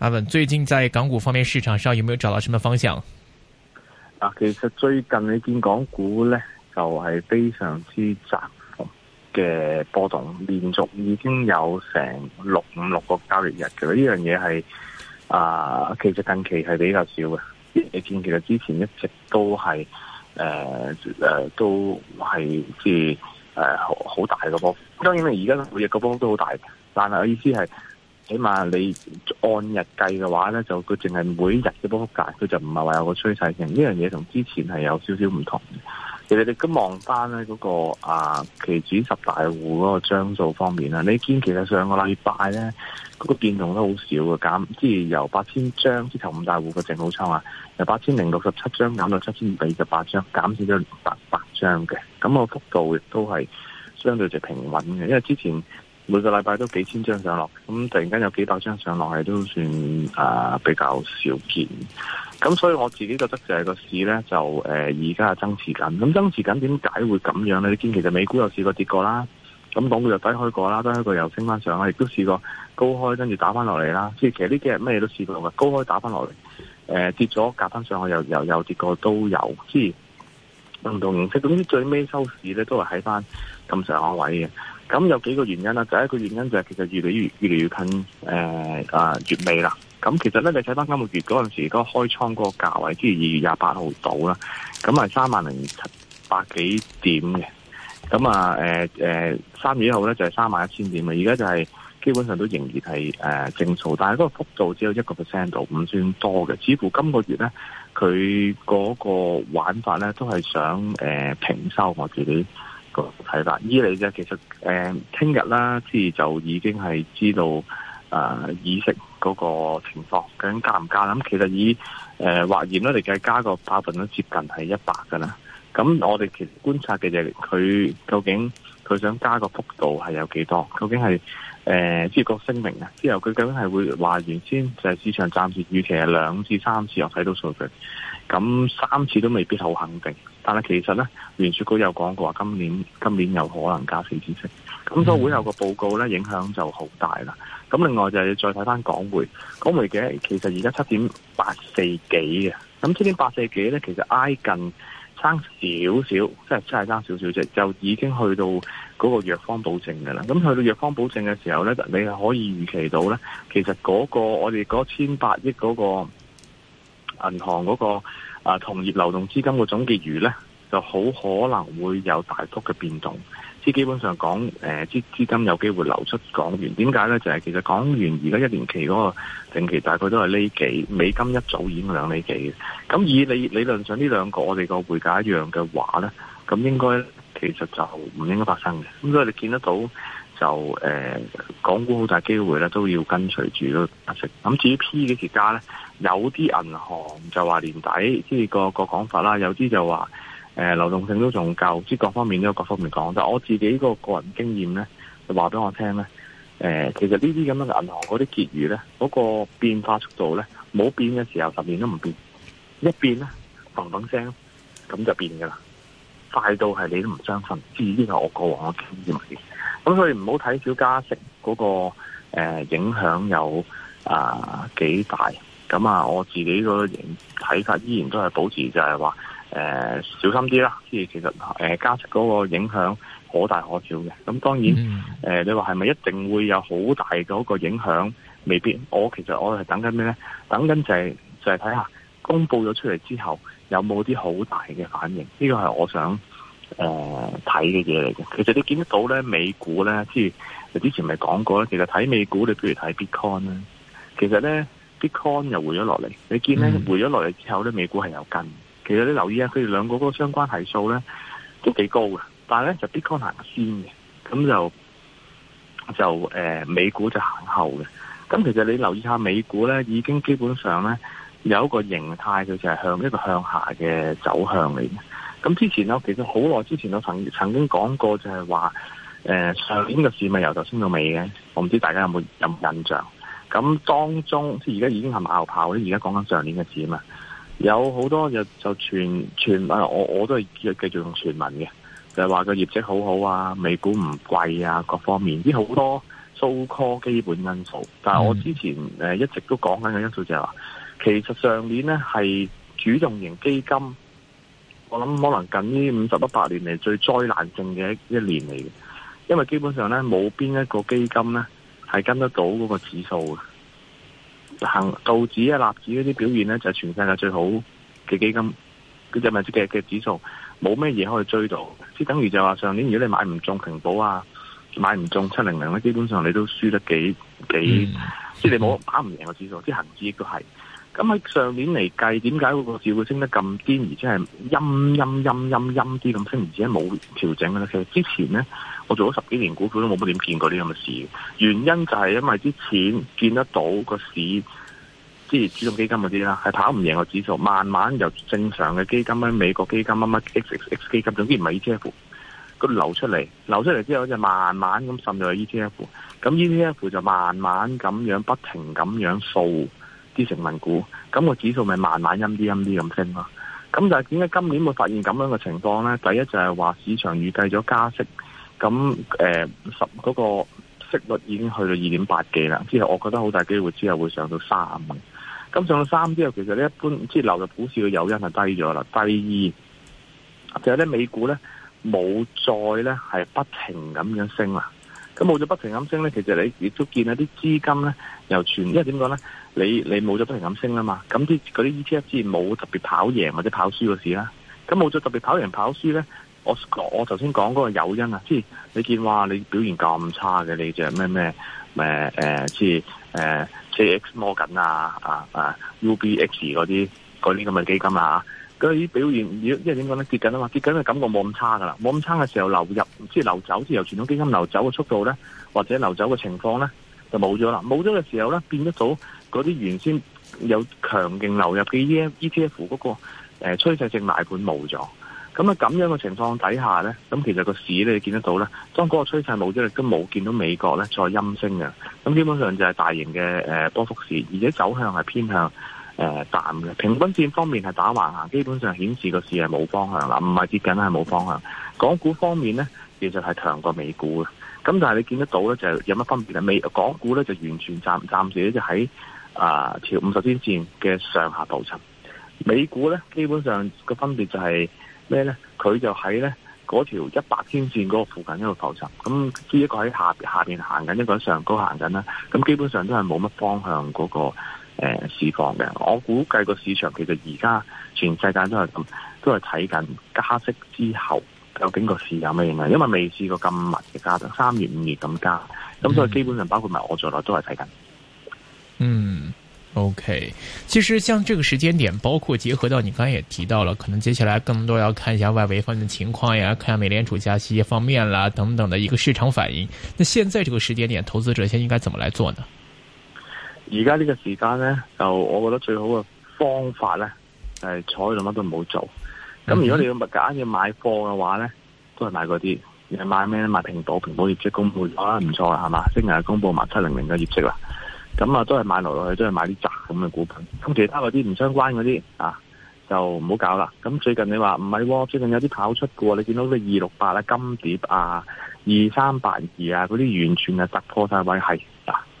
阿文最近在港股方面市場上有沒有找到什麼方向？其實最近你見港股咧就係、是、非常之窄嘅波動，連續已經有成六五六個交易日嘅，呢樣嘢係啊，其實近期係比較少嘅。你見其實之前一直都係誒誒都係即係誒好大嘅波，當然你而家每日個波都好大，但係我意思係。起碼你按日計嘅話咧，就佢淨係每日嘅波幅界，佢就唔係話有個趨勢性。呢樣嘢同之前係有少少唔同嘅，那個啊。其實你今望翻咧嗰個啊期指十大戶嗰個張數方面啦，你見其實上個禮拜咧嗰個變動都好少嘅，減即係由八千張之頭五大戶嘅淨好倉嘛，由八千零六十七張減到七千二百二十八張，減少咗八百張嘅。咁個幅度亦都係相對就平穩嘅，因為之前。每個禮拜都幾千張上落，咁突然間有幾百張上落係都算啊、呃、比較少見。咁所以我自己覺得就係個市咧，就誒而家係增持緊。咁增持緊點解會咁樣咧？你見其實美股又試過跌過啦，咁港股又低開過啦，低開過又升翻上啦，亦都試過高開跟住打翻落嚟啦。即係其實呢幾日咩都試過，同埋高開打翻落嚟，跌咗夾翻上去又又又跌過都有，即係唔同形式。總之最尾收市咧都係喺翻咁上下位嘅。咁有幾個原因啦，第一個原因就係其實越嚟越越嚟越近誒、呃、啊月尾啦。咁其實咧，你睇翻今個月嗰陣時嗰個開倉嗰個價位，即係二月廿八號到啦，咁係三萬零七百幾點嘅。咁啊誒誒三月一號咧就係三萬一千點啊，而家就係基本上都仍然係誒、呃、正數，但係嗰個幅度只有一個 percent 度，唔算多嘅。似乎今個月咧，佢嗰個玩法咧都係想誒、呃、平收我自己。個睇依嚟嘅其實誒，聽日啦，之就已經係知道誒，意識嗰個情況究竟加唔加諗、嗯，其實以誒畫線咧嚟計，呃、計加個百分率接近係一百噶啦。咁我哋其實觀察嘅嘢，佢究竟佢想加個幅度係有幾多，究竟係。誒，即係、呃、個聲明啊，之後佢究竟係會話原先就係市場暫時預期係兩至三次，又睇到數據，咁三次都未必好肯定。但係其實呢，聯儲局有講過話，今年今年有可能加四次息。咁個會有個報告呢，影響就好大啦。咁另外就要再睇翻港匯，港匯嘅其實而家七點八四幾嘅，咁七點八四幾呢，其實挨近差少少，即係差係爭少少啫，就已經去到。嗰個藥方保證嘅啦，咁去到藥方保證嘅時候咧，你係可以預期到咧，其實嗰、那個我哋嗰千八億嗰個銀行嗰、那個啊，同業流動資金嘅總結餘咧，就好可能會有大幅嘅變動，即基本上講，誒、呃，資金有機會流出港元。點解咧？就係、是、其實港元而家一年期嗰個定期大概都係呢幾美金一早已經兩厘幾嘅，咁以理理論上呢兩個我哋個匯價一樣嘅話咧，咁應該。其實就唔應該發生嘅，咁所以你見得到就誒、呃，港股好大機會咧，都要跟隨住個價值。咁至於 P 嘅結果家咧，有啲銀行就話年底，即係個個講法啦。有啲就話誒、呃，流動性都仲夠，即各方面都有各方面講。但係我自己個個人經驗咧，就話俾我聽咧，誒、呃，其實呢啲咁樣嘅銀行嗰啲結餘咧，嗰個變化速度咧，冇變嘅時候十年都唔變，一變咧嘭嘭聲，咁就變噶啦。快到係你都唔相信，呢啲係我過往嘅經驗嚟嘅。咁所以唔好睇少加息嗰、嗰個、呃、影響有啊、呃、幾大。咁啊，我自己個睇法依然都係保持就係話誒小心啲啦。即係其實誒加息嗰個影響可大可小嘅。咁當然誒、mm hmm. 呃，你話係咪一定會有好大嗰個影響？未必。我其實我係等緊咩咧？等緊就係、就係、就係睇下公佈咗出嚟之後。有冇啲好大嘅反應？呢個係我想誒睇嘅嘢嚟嘅。其實你見得到咧，美股咧，即係之前咪講過咧。其實睇美股，你譬如睇 Bitcoin 咧，其實咧 Bitcoin 又回咗落嚟。你見咧、嗯、回咗落嚟之後咧，美股係有跟。其實你留意下佢哋兩個嗰個相關係數咧，都幾高嘅。但係咧就 Bitcoin 行先嘅，咁就就誒、呃、美股就行後嘅。咁其實你留意下美股咧，已經基本上咧。有一個形態，佢就係向一個向下嘅走向嚟嘅。咁之前咧，其實好耐之前到尾，我曾曾經講過，就係話，誒上年嘅市咪由頭升到尾嘅。我唔知大家有冇有冇印象？咁當中，即係而家已經係馬後炮咧。而家講緊上年嘅市啊嘛，有好多日就傳傳，誒，我我都係繼續用傳聞嘅，就係話個業績好好啊，美股唔貴啊，各方面啲好多 so-called 基本因素。但係我之前誒一直都講緊嘅因素就係話。其實上年呢係主動型基金，我諗可能近呢五十一百年嚟最災難性嘅一年嚟嘅，因為基本上呢，冇邊一個基金呢係跟得到嗰個指數嘅，道指啊、納指嗰啲表現呢，就係、是、全世界最好嘅基金，佢就咪只嘅嘅指數冇咩嘢可以追到，即等於就話上年如果你買唔中平保啊，買唔中七零零咧，基本上你都輸得幾幾，嗯、即係你冇打唔贏個指數，啲恒指亦都係。咁喺上年嚟計，點解個市會升得咁癲，而且係陰陰陰陰啲咁升？唔止，冇調整嘅咧。其實之前咧，我做咗十幾年股票都冇乜點見過啲咁嘅事。原因就係因為之前見得到個市，即係主動基金嗰啲啦，係跑唔贏個指數，慢慢由正常嘅基金啊、美國基金乜乜 X X X 基金，總之唔係 ETF，佢流出嚟，流出嚟之後就慢慢咁滲入 E T F。咁 E T F 就慢慢咁樣不停咁樣掃。啲成民股，咁、那個指數咪慢慢陰啲陰啲咁升咯。咁就係點解今年會發現咁樣嘅情況咧？第一就係話市場預計咗加息，咁誒、呃、十嗰、那個息率，已經去到二點八幾啦。之後我覺得好大機會之後會上到三啊。咁上到三之後，其實咧一般即係流入股市嘅誘因係低咗啦。第二就係、是、咧美股咧冇再咧係不停咁樣升啦。咁冇咗不停咁升咧，其實你亦都見啊啲資金咧由全，因為點講咧，你你冇咗不停咁升啊嘛，咁啲嗰啲 ETF 自然冇特別跑贏或者跑輸嘅事啦。咁冇咗特別跑贏跑輸咧，我我頭先講嗰個誘因啊，即係你見話你表現咁差嘅，你就咩咩誒誒，即係即 JX 摩根啊啊啊 UBX 嗰啲啲咁嘅基金啊。佢啲表現，要即係點講咧？跌緊啊嘛，跌緊嘅感覺冇咁差噶啦，冇咁差嘅時候流入，即係流走，即係由傳統基金流走嘅速度咧，或者流走嘅情況咧，就冇咗啦。冇咗嘅時候咧，變得到嗰啲原先有強勁流入嘅 E T F 嗰、嗰個誒趨勢性買盤冇咗。咁啊，咁樣嘅情況底下咧，咁其實個市你見得到咧，當嗰個趨勢冇咗，你都冇見到美國咧再陰升嘅。咁基本上就係大型嘅誒、呃、波幅市，而且走向係偏向。誒、呃，淡嘅平均線方面係打橫行，基本上顯示個市係冇方向啦，唔係跌緊係冇方向。港股方面呢，其實係強過美股嘅，咁但係你見得到呢，就有乜分別咧？美港股呢，就完全暫暫時咧就喺啊條五十天線嘅上下浮沉，美股呢，基本上個分別就係咩呢？佢就喺呢嗰條一百天線嗰個附近一路浮沉，咁呢一個喺下面下邊行緊，一個喺上高行緊啦，咁基本上都係冇乜方向嗰、那個。誒，釋放嘅，我估計個市場其實而家全世界都係咁，都係睇緊加息之後究竟個市有咩影響，因為未試過咁密嘅加，三月五月咁加，咁、嗯、所以基本上包括埋我做在內都係睇緊。嗯，OK，其實像這個時間點，包括結合到你剛才也提到了，可能接下來更多要看一下外圍方面的情況呀，看下美聯儲加息方面啦，等等的一個市場反應。那現在這個時間點，投資者先應該怎麼來做呢？而家呢個時間呢，就我覺得最好嘅方法呢，係坐度乜都唔好做。咁如果你要物價要買貨嘅話呢，都係買嗰啲。要買咩咧？買蘋果，蘋果業績公佈咗啦，唔錯啦，係嘛？星期日公佈埋七零零嘅業績啦。咁啊，都係買落落去，都係買啲雜咁嘅股份。咁其他嗰啲唔相關嗰啲啊，就唔好搞啦。咁最近你話唔係喎，最近有啲跑出嘅喎，你見到啲二六八啦，金蝶啊、二三八二啊嗰啲，完全係突破晒位係。是。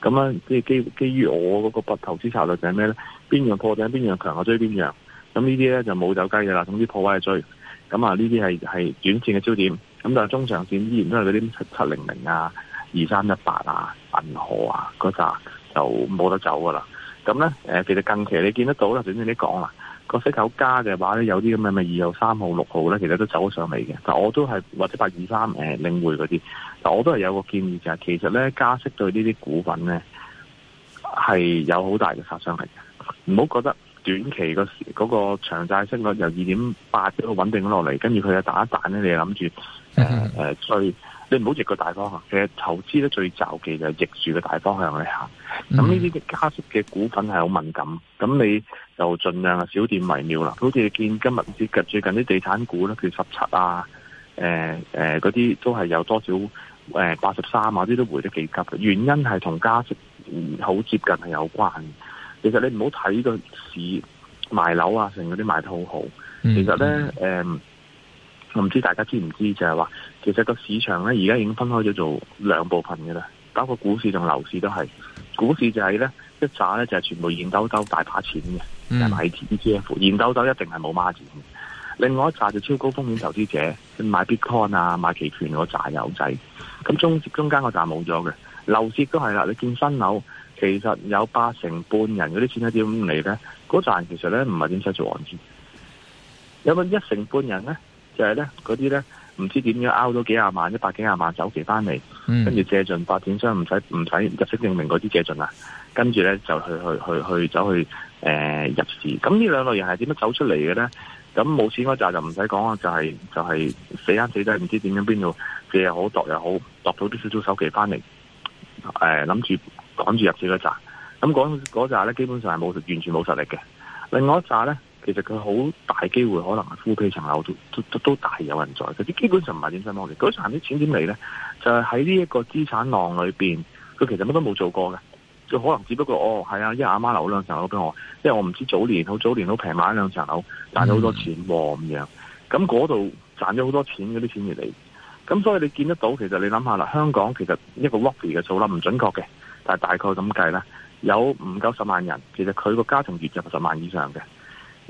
咁咧基基基於我嗰個不投資策略就係咩咧？邊樣破頂，邊樣強，我追邊樣。咁呢啲咧就冇走雞嘅啦。總之破壞係追。咁啊，呢啲係係短線嘅焦點。咁但係中長線依然都係嗰啲七七零零啊、二三一八啊、銀河啊嗰扎就冇得走噶啦。咁咧誒，其實近期你見得到啦，頭先你講啦。個息口加嘅話咧，有啲咁嘅咪二號、三號、六號咧，其實都走咗上嚟嘅、呃。但我都係或者八二三誒領匯嗰啲，嗱，我都係有個建議就係，其實咧加息對呢啲股份咧係有好大嘅殺傷力嘅。唔好覺得短期嗰個長債息率由二點八都穩定咗落嚟，跟住佢又打一彈咧，你又諗住你唔好逆個大方向，其實投資咧最就忌就逆住個大方向咧下，咁呢啲嘅加息嘅股份係好敏感，咁你又盡量少點為妙啦。好似見今日最近啲地產股咧跌十七啊，誒誒嗰啲都係有多少誒八十三啊啲都回得幾急嘅，原因係同加息好接近係有關嘅，其實你唔好睇個市賣樓啊，成嗰啲賣得好好，其實咧唔知大家知唔知，就係話其實個市場咧，而家已經分開咗做兩部分嘅啦，包括股市同樓市都係。股市就係咧一扎咧就係全部現兜兜大把錢嘅，買 ETF、嗯、現兜兜一定係冇孖展。另外一扎就超高風險投資者，買 Bitcoin 啊，買期權嗰扎友仔。咁中中間個扎冇咗嘅樓市都係啦。你見新樓其實有八成半人嗰啲錢係點嚟咧？嗰扎人其實咧唔係點使做按揭，有冇一成半人咧？就係咧，嗰啲咧唔知點樣 out 咗幾廿萬、一百幾廿萬首期翻嚟、嗯、跟住借盡發展商唔使唔使入息證明嗰啲借盡啊，跟住咧就去去去去走去誒、呃、入市。咁呢兩類人係點樣走出嚟嘅咧？咁冇錢嗰扎就唔使講啊，就係就係、是就是、死硬死都唔知點樣邊度借又好度又好度到啲少少首期翻嚟，誒諗住趕住入市嗰扎。咁嗰嗰扎咧基本上係冇完全冇實力嘅。另外一扎咧。其實佢好大機會，可能庫備層樓都都都都大有人在。佢啲基本上唔買點新屋嘅，佢賺啲錢點嚟咧？就係喺呢一個資產浪裏邊，佢其實乜都冇做過嘅。佢可能只不過哦，係啊，因為阿媽，媽留咗兩層樓俾我，因為我唔知早年好早年好平買咗兩層樓，賺到好多錢喎咁樣。咁嗰度賺咗好多錢嗰啲錢嚟嚟。咁所以你見得到，其實你諗下啦，香港其實一個 roughly 嘅嘅數，唔準確嘅，但係大概咁計啦，有五九十萬人，其實佢個家庭月入十萬以上嘅。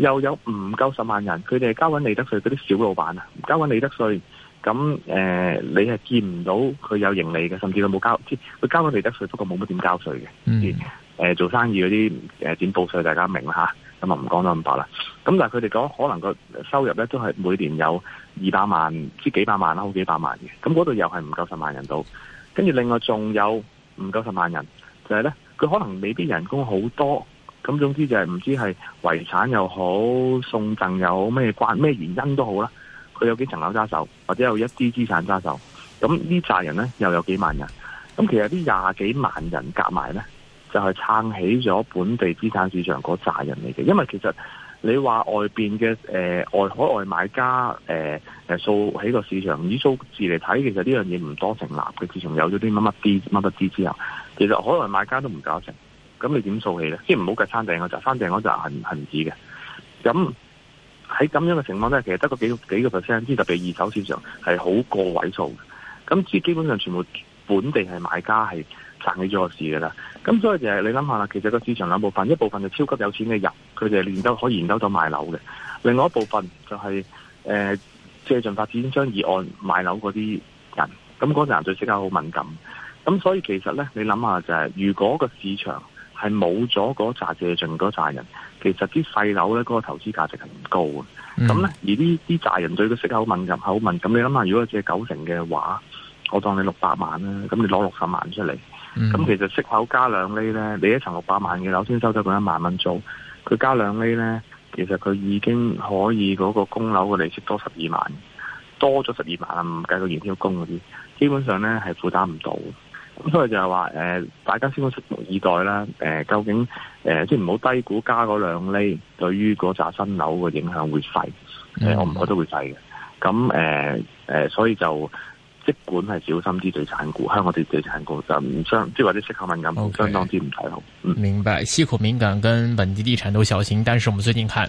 又有唔夠十萬人，佢哋係交緊利得稅嗰啲小老闆啊，交緊利得稅，咁誒、呃、你係見唔到佢有盈利嘅，甚至都冇交，即佢交緊利得稅，不過冇乜點交稅嘅。嗯，誒做生意嗰啲誒點報稅，大家明啦嚇，咁啊唔講得咁白啦。咁但係佢哋講可能個收入咧，都係每年有二百萬，即幾百萬啦，好幾百萬嘅。咁嗰度又係唔夠十萬人到，跟住另外仲有唔夠十萬人，就係咧佢可能未必人工好多。咁總之就係唔知係遺產又好，送贈又好，咩關咩原因都好啦，佢有幾層樓揸手，或者有一啲資產揸手，咁呢扎人咧又有幾萬人，咁其實啲廿幾萬人夾埋咧，就係、是、撐起咗本地資產市場嗰扎人嚟嘅。因為其實你話外邊嘅誒外海外買家誒、呃、數喺個市場以數字嚟睇，其實呢樣嘢唔多成立。佢自從有咗啲乜乜啲乜乜啲之後，其實海外買家都唔夠成。咁你點掃氣咧？即唔好計餐訂我就翻訂我就行行止嘅。咁喺咁樣嘅情況咧，其實得個幾幾個 percent，特別二手市場係好過位數嘅。咁至基本上全部本地係買家係撐起咗個市噶啦。咁所以就係、是、你諗下啦，其實個市場兩部分，一部分就超級有錢嘅人，佢哋係延周可以研究到買樓嘅，另外一部分就係、是呃、借盡發展商議案買樓嗰啲人。咁嗰陣人就比較好敏感。咁所以其實咧，你諗下就係、是，如果個市場係冇咗嗰紮借盡嗰扎人，其實啲細樓咧，嗰個投資價值係唔高嘅。咁咧、嗯，而呢啲大人對個息口敏感，口敏感，咁你諗下，如果借九成嘅話，我當你六百萬啦，咁你攞六十萬出嚟，咁、嗯、其實息口加兩厘咧，你一層六百萬嘅樓先收咗佢一萬蚊租，佢加兩厘咧，其實佢已經可以嗰個供樓嘅利息多十二萬，多咗十二萬啊！唔計個延挑供嗰啲，基本上咧，係負擔唔到。所以就係話，誒、呃，大家先要拭目以待啦。誒、呃，究竟，誒、呃，即係唔好低估加嗰兩厘對於嗰扎新樓嘅影響會細。誒、mm，hmm. 我唔覺得都會細嘅。咁、嗯，誒、呃，誒、呃，所以就即管係小心啲地產股，香港地地產股就唔相，即係或者食 Okay.、嗯、息口敏感相當之唔睇好。明白。息口敏感跟本地地產都小心，但是我們最近看。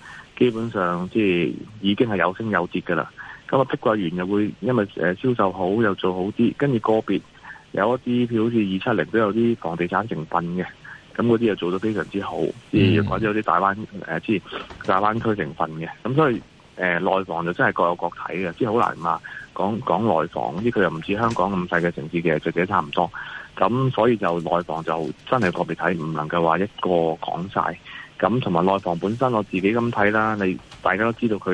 基本上即係已經係有升有跌嘅啦。咁啊碧桂園又會因為誒、呃、銷售好又做好啲，跟住個別有一啲譬如好似二七零都有啲房地產成分嘅，咁嗰啲又做得非常之好，而、嗯、或者有啲大灣誒即係大灣區成分嘅。咁所以誒、呃、內房就真係各有各睇嘅，即係好難嘛講講內房啲佢又唔似香港咁細嘅城市嘅其實就差唔多。咁所以就內房就真係個別睇，唔能夠話一個講晒。咁同埋內房本身，我自己咁睇啦，你大家都知道佢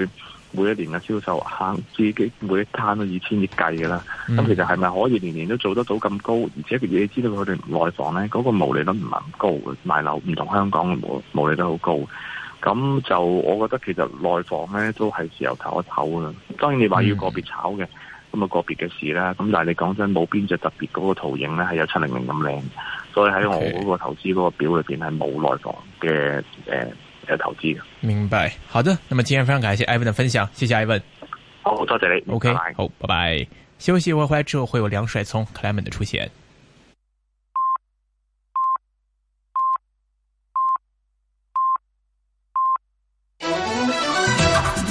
每一年嘅銷售，行，自己每一攤都二千億計㗎啦。咁、嗯、其實係咪可以年年都做得到咁高？而且佢哋知道佢哋內房咧，嗰、嗰個毛利率唔係咁高嘅，賣樓唔同香港嘅毛利率好高。咁就我覺得其實內房咧都係時候唞一唞㗎啦，當然你話要個別炒嘅。嗯咁啊，個別嘅事啦，咁但係你講真冇邊隻特別嗰個投影咧，係有七零零咁靚，所以喺我嗰個投資嗰個表裏邊係冇內房嘅誒誒投資嘅。明白，好的，那麼今日非常感謝艾 v a n 嘅分享，謝謝艾 v n 好多謝你，OK，好，拜拜。休息一會之後會有梁帥聰、c l a m e n 嘅出現。